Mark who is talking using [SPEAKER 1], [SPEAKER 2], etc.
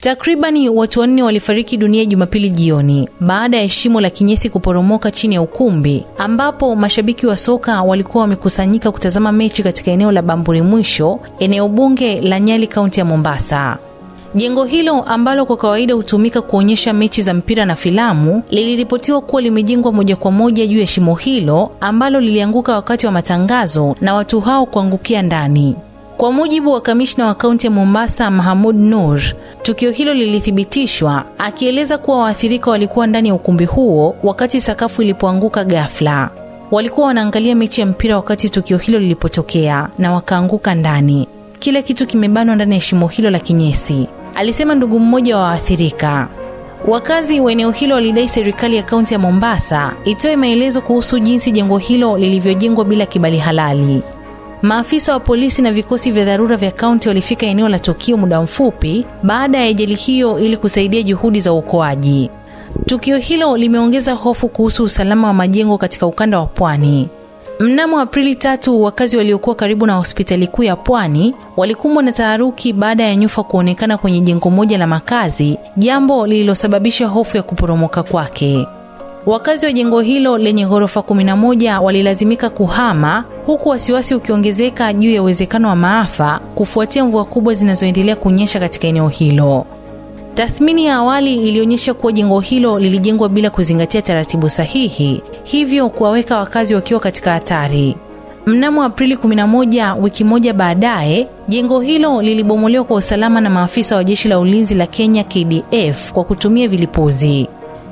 [SPEAKER 1] Takribani watu wanne walifariki dunia Jumapili jioni baada ya shimo la kinyesi kuporomoka chini ya ukumbi ambapo mashabiki wa soka walikuwa wamekusanyika kutazama mechi katika eneo la Bamburi Mwisho, eneo bunge la Nyali, kaunti ya Mombasa. Jengo hilo ambalo kwa kawaida hutumika kuonyesha mechi za mpira na filamu liliripotiwa kuwa limejengwa moja kwa moja juu ya shimo hilo ambalo lilianguka wakati wa matangazo na watu hao kuangukia ndani. Kwa mujibu wa kamishna wa kaunti ya Mombasa Mahamud Nur, tukio hilo lilithibitishwa, akieleza kuwa waathirika walikuwa ndani ya ukumbi huo wakati sakafu ilipoanguka ghafla. Walikuwa wanaangalia mechi ya mpira wakati tukio hilo lilipotokea na wakaanguka ndani. Kila kitu kimebanwa ndani ya shimo hilo la kinyesi, alisema ndugu mmoja wa waathirika. Wakazi wa eneo hilo walidai serikali ya kaunti ya Mombasa itoe maelezo kuhusu jinsi jengo hilo lilivyojengwa bila kibali halali. Maafisa wa polisi na vikosi vya dharura vya kaunti walifika eneo la tukio muda mfupi baada ya ajali hiyo ili kusaidia juhudi za uokoaji. Tukio hilo limeongeza hofu kuhusu usalama wa majengo katika ukanda wa Pwani. Mnamo Aprili tatu, wakazi waliokuwa karibu na hospitali kuu ya Pwani walikumbwa na taharuki baada ya nyufa kuonekana kwenye jengo moja la makazi, jambo lililosababisha hofu ya kuporomoka kwake. Wakazi wa jengo hilo lenye ghorofa 11 walilazimika kuhama huku wasiwasi ukiongezeka juu ya uwezekano wa maafa kufuatia mvua kubwa zinazoendelea kunyesha katika eneo hilo. Tathmini ya awali ilionyesha kuwa jengo hilo lilijengwa bila kuzingatia taratibu sahihi, hivyo kuwaweka wakazi wakiwa katika hatari. Mnamo Aprili 11, wiki moja baadaye, jengo hilo lilibomolewa kwa usalama na maafisa wa jeshi la ulinzi la Kenya KDF kwa kutumia vilipuzi.